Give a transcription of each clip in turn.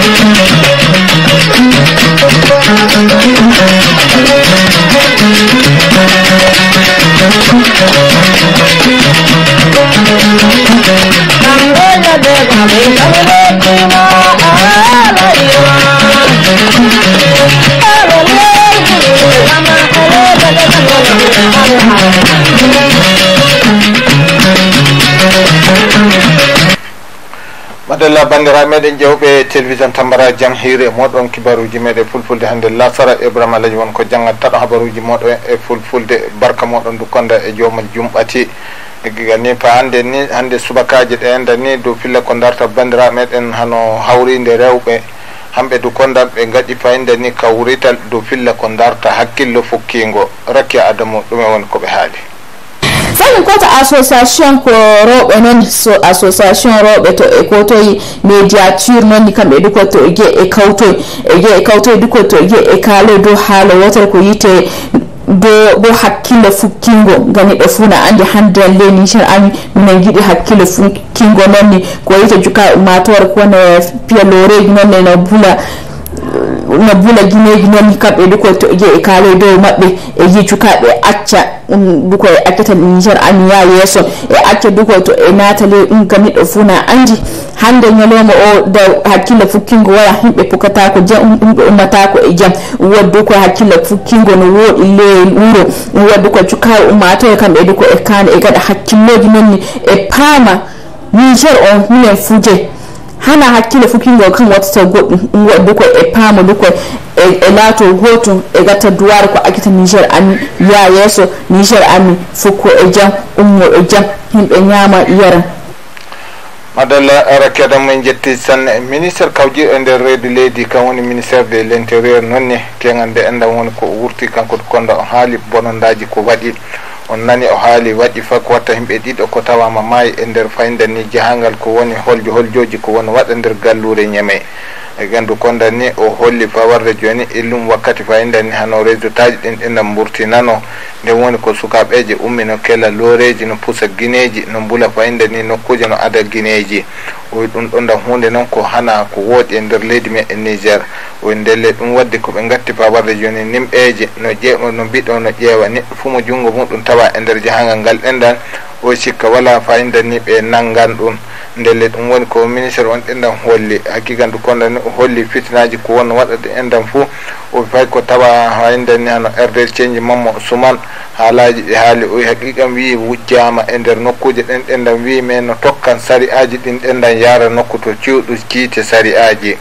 Thank you. abdoullah bandira meɗen ƴewɓe télévision tambara jang hiri e moɗon kibaruji meɗe fulfulde hannde lasara ibrahima alaji won ko jangat taɗo habaruji moɗo e fulfulde barka moɗon dukkonda e jooma jumɓati egiga ni pa hannde ni hannde subakaji ɗe enda ni dow filla ko darta bandira meɗen hano hawride rewɓe hamɓe dukkondam ɓe gaɗi fayinde ni kawrital dow filla ko darta hakkillo fukkingo rakki adamu ɗume woni ko ɓe haali irin kota association ko roɓe non so association roɓe to e kotoye médiature non ni kamɓe duko to ge e kawtoy e ge e kawtoye duko to ge e kaale do haala wotere ko yite do bo hakkille fukkingo gani ɓe fuu na andi hande alle niger ami minen giɗi hakkille fukkingo non ni ko yite juka ummatore ko wono piyaloreji non ne no bula nabbula guineji noon kamɓe duko toje e kaale dow mabɓe e jiccukaɓe acca ɗum duko e accata ɗi nicar aniya yesso e acca duko to e natale ɗum kami ɗo fuuna andi hande ñalowma o daw hakkille fukkingo wala himɓe pukatako jam ɗumɓe ummatako e jaam waddu ko hakkille fukkingo no wooɗi leel wuuro ɗum waddu ko cukaɓe ummatoye kamɓe duko e kane e gaɗa hakkilloji nonni e paama nicar o minen fuje hana hakkille fukingol kan wattata goɗɗum waddu koy e paama du koy e, e laato gooto e gatta duwaare ko akita nigér ami yaa yeeso nigér ami fukko e jam ummo e jam himɓe ñaama yara madalla arakeadam min jetti sanne e ministére kawjiɗo e nder reedi leydi kan woni ministére de l' intérieur noon ne tengande enndan woni ko wurti kanko kondo o haali bonandaji ko waɗi on nani o haali waɗi fak watta himɓe ɗiɗo ko tawama maayi e nder fayndan ni jahangal ko woni holjo holjoji ko woni waɗa nder gallure ñeme e gandu kondan ni o holli pawarde joni illum wakkati fayidan ni hano résultat ji ɗin ɗinɗan burtinano nden woni ko sukaɓeje ummi no kella loreji no pusa guineji no mbula fayida ni nokkuje no ada guineji oy ɗum ɗon ɗan hunde noon ko hana ko wooɗi e nder leydi me e niger oy ndelle ɗum waddi koɓe gatti pawarde joni nimɓeje no ƴeeɓa no mbiɗo no ƴeewa neɗɗo fuu mo junngo muɗum tawa e nder jahangal ngal ɗenɗan o sikka wala fayida ni ɓe nanngan ɗum ndelle ɗum woni ko ministére on ɗenɗam holli hakkigandu konɗani holli fitinaji ko won waɗade enɗam fo o fayi ko tawa haydani hano rdr cieñji mamma suman haalaji ɗi haali oy haqiqam wi wujjama e nder nokkuje ɗen ɗenɗam wi men tokkan sari aji ɗin ɗenɗam yara nokku to cewɗu kiite sari aji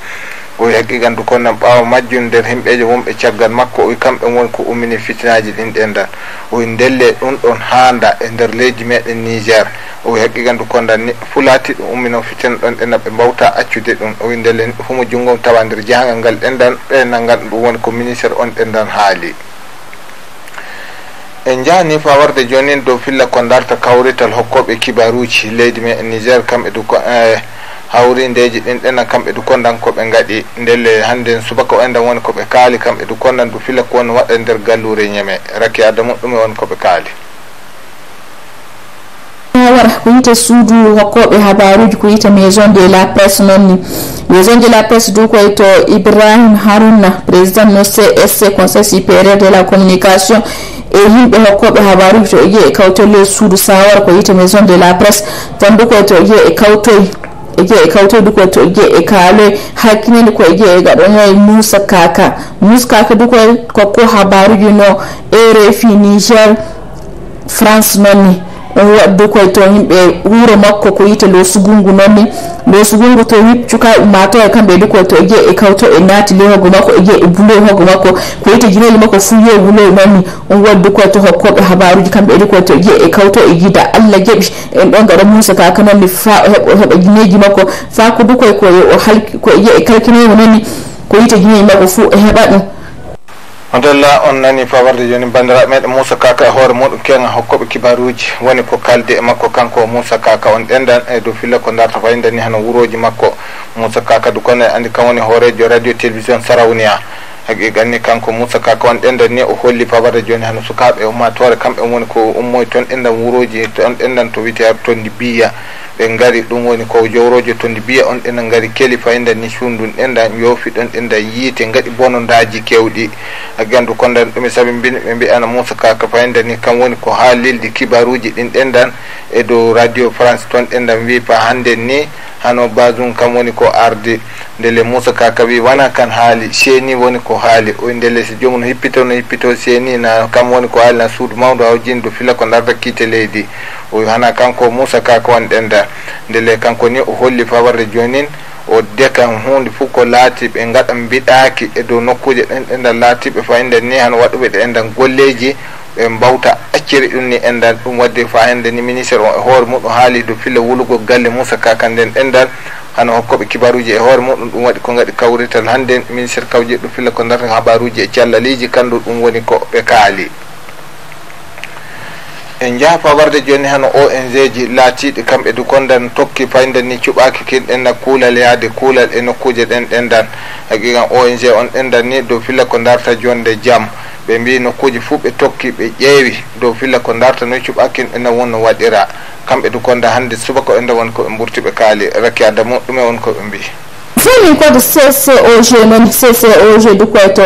o wi haqiqandu konnan ɓaawa majjum nden wonɓe caggal makko o wi kamɓe woni ko ummini fitinaaji ɗin ɗen dan o wi ndelle ɗum ɗon haanda e nder leydi meɗen niger o wi haqiqandu konnan ni fulaati ɗum ummino fitina ɗon ɗenna ɓe mbawta accude ɗum o wi ndelle humo junngom tawa nder jahangal ngal ɗen dan ɓeenal ngal ɗum woni ko ministére on ɗen dan haali en jahani fa warde joni dow filla ko ndarta kawrital hokkoɓe kibaruji leydi me niger kamɓe du ko hawrindeji ɗin ɗena kamɓe du kondan koɓe gaɗi ndelle hande subaka o enda woni koɓe kaali kamɓe du kondan du fila ko woni waɗa e nder gallure ñeme rakki adamu ɗume woni koɓe kaali wara ko yite suudu hokkoɓe habaruji ko yite maison de la presse noonni maison de la presse du koye to ibrahim haruna président no csc conseil supérieur de la communication e yimɓe hokkoɓe habaruji to e ƴee e kawtolle suudu sawara ko yite maison de la presse tan du koye to ƴee e kawtoye ege ikawto duko to ege ikale hakine duko ege musa kaka musa kaka duko ko ko habaru you know ere fi niger france on wadde koye to yimɓe wuuro makko ko yite losugu ngu noonni losugu ngu to wip cuka mato e kamɓe ɗi koye to e jee e kawto e naati le hoogo makko e jee e buloy hoogo makko ko yite jinoji makko fuu yo buloy noonni on wadde koye to hokkoɓe habaruji kamɓe ɗi koye to e jee e kawto e jida allah jeeɓi en ɗon gaɗa musa kaka noonni fa heɓa jineji makko fa ko du koye koye o halko e jee e kalkinoyo noonni ko yite jinoji makko fuu e heɓa ɗum alhamdulillah on nani fawarde joni bandiraɓe meɗen moussa kaka e hoore muɗum kenga hokkoɓe kibaruji woni ko kalde e makko kanko moussa kaka on ɗendan e dow filla ko darta fayidani hano wuroji makko moussa kaka du kone andi kan woni hoorejo radio télévision sarawniya ne kanko musa kaka on ɗenɗan ni o holli pabata joni umma sukaɓe da kamɓe wani ko ton ɗan da wuroji on ɗenɗan to wiyete ton biya ɓe gari ɗum woni ko jowrojo ton biya on ɗan gari fa fayidan ni sundun ɗenɗan yoofi ɗon ɗenɗan yiite gaɗi bonondaji kewɗi haqiqandu kondan ɗumi e saabi bin ɓe ana musa kaka fayidan ni kam woni ko haalilde kibaruji ɗin ɗan e do radio france ɗan da wi fa hande ni hano basum kam woni ko arde ndele musa kaka wi wana kan haali seni woni ko haali o ndele so joomum no hippito no hippito seni na kam woni ko haali na suudu mawdu hawjindu fila ko darda kiite leydi o hana kanko musa kaka woni ɗenda ndele kanko ni o holli fawarde jonin o dekan hunde fof ko laatiɓe gaɗa mbiɗaki e dow nokkuje ɗen ɗenɗal laatiɓe fayinden ni han waɗuɓe ɗe enɗan golleji ɓe mbawta accere ɗum ni endal ɗum wadde fa hende ni ministére o e hoore muɗum haalido fillo wulugo galle moussa kaka nden endal hano hokkoɓe kibaruji e hoore muɗum ɗum waɗi ko gaɗi kawrital hande ministére kawje ɗum filla ko darta habaruji e callaliji kandu ɗum woni ko ɓe kaali en jaha pawarde joni hano ong ji laatiɗi kamɓe du kondan tokki fayden ni cuɓaki kin ɗenna kuulal yahde kuulal e nokkuje ɗen ɗendan haqiqan ong on ɗendan ni dow filla ko darta jonde jaam ɓe mbi nokkuji fuu ɓe tokki ɓe ƴeewi dow filla ko darta noy cuɓakin ena wonno waɗira kamɓe du konda hannde subaka ena woni koɓe mburti ɓe kaali rakki adamu ɗume won koɓe mbi fomin kode ccog noon ccog du koye to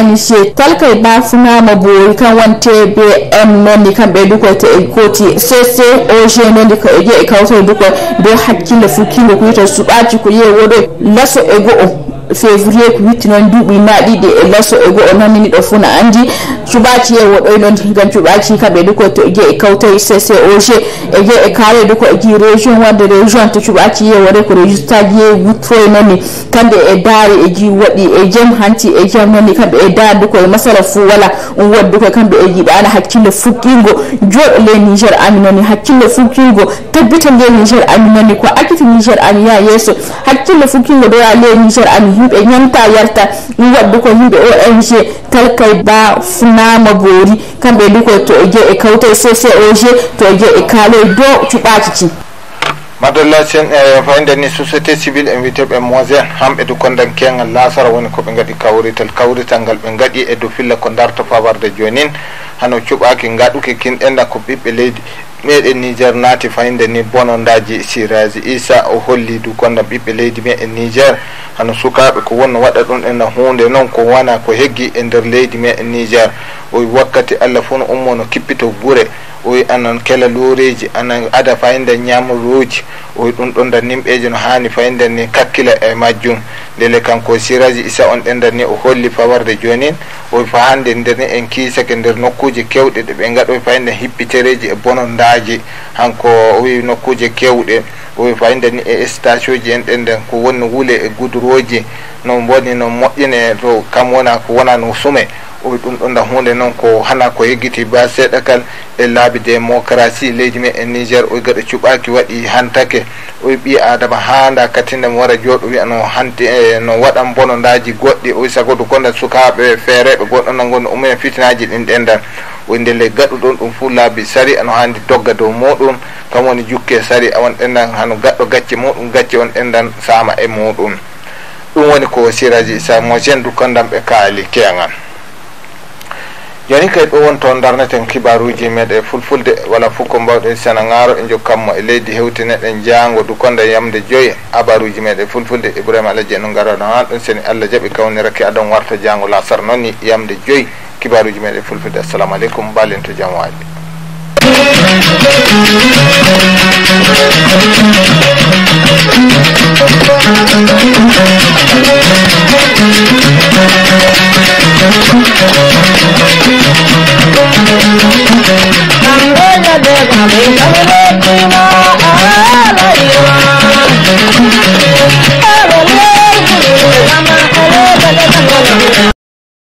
ong kalkay bafungama boori kam wonte bm noonni kamɓe du koye to e gooti ccog noonni ko e jee e kawtoe du koye do hakkille fuu kilo ko yito suɓaji ko yewoɗo laso e go o février ko witti noon duuɓi ma ɗiɗi e lasso e goo nannini ɗo fuu na anndi cuɓaaci e woɗoy noon gam cuɓaaci kamɓe du ko gue e kawtay ccog e gue e kaale du ko e gi région wadde région to cuɓaaci ye woɗe ko résultat ji ye wuttroy noonni kamɓe e daari e ji waɗi e jam hanti e jam noonni kamɓe e daari du koye masala fou voilà um waɗ du koye kamɓe e jiɗaana hakkille fukkingo jooɗo le nigér ami noonni hakkille fukkingo tabbita le nigér ami noonni ko accita nigér ami ya yesso hakkille fukkingo doya le nigér ami yimɓe ñamta yarta ɗum waddu ko yimɓe ong talkay ba funama boori kamɓe liko to e jee e kawta e ccog to e jee e kaalo e dow cuɓaki ci madolla sen e fayde ni société civil en witeɓe moisin hamɓe du kondan kengal lasara woni koɓe gaɗi kawrital kawrital ngal ɓe gaɗi e do filla ko darta fawarde jonin hano cuɓaki gaɗuki kinɗenna ko ɓiɓɓe leydi meɗen niger naati fayde ni bonondaji siraji isa o holli du gondam ɓiɓɓe leydi meɗen niger hano sukaɓe ko wonno waɗa ɗum ɗen hunde noon ko wona ko heggi e nder leydi meɗen niger o wakkati allah fo no ummo no kippito guure oyi anan kela loreji anan ada nyamu roji oyi ɗum ɗon da nimɓeji no hani fayinda ni kakkila e majjum kan kanko siraji isa on den ni o holli fawarde jonin oyi fa hande nder ni en kiisake nokkuje nokkuji kewɗe ɗe ɓe gaɗoy fayida hippitereji e ndaji hanko o nokkuje nokkuji kewɗe o wi ni e station en den den ko woni wule e gudroji no boni no moƴƴine to kam wona ko wona no sume ɗum ɗon ɗa hunde noon ko hana ko yeggiti ba seeɗa kal e laabi démocratie leydi men e niger oy gaɗa cuɓaki waɗi hantake oy ɓi adama haanda katinde mo wara jooɗo wiya no hanti e no waɗan bononndaji goɗɗi oy sagodu konda sukaɓe feereɓe goɗɗo nan gonno umumen fitinaji ɗin ɗendan oy ndelle gaɗuɗon ɗum fuu laabi sari ano haandi dogga dow muɗum kamwoni jukke sari awon ɗendan hano gaɗɗo gacce muɗum gacce on ɗendan saama e muɗum ɗum woni ko siraji sa mo gen du kandamɓe kaali keyangan joni kay ɗo won toon darneten kibaruji meɗen fulfulde walla fof ko mbawɗen sena gaaro e jokkatmo e leydi hewtineɗen jaango dukonde yamde joyi habaruji meɗen fulfulde ibrahima alaji eno garaɗo han ɗon seni allah jaaɓi kawniraki aɗon warta jaango lasar noon ni yamde joyi kibaruji meɗen fulfulde assalamu aleykum mbalen to jam waali ¶¶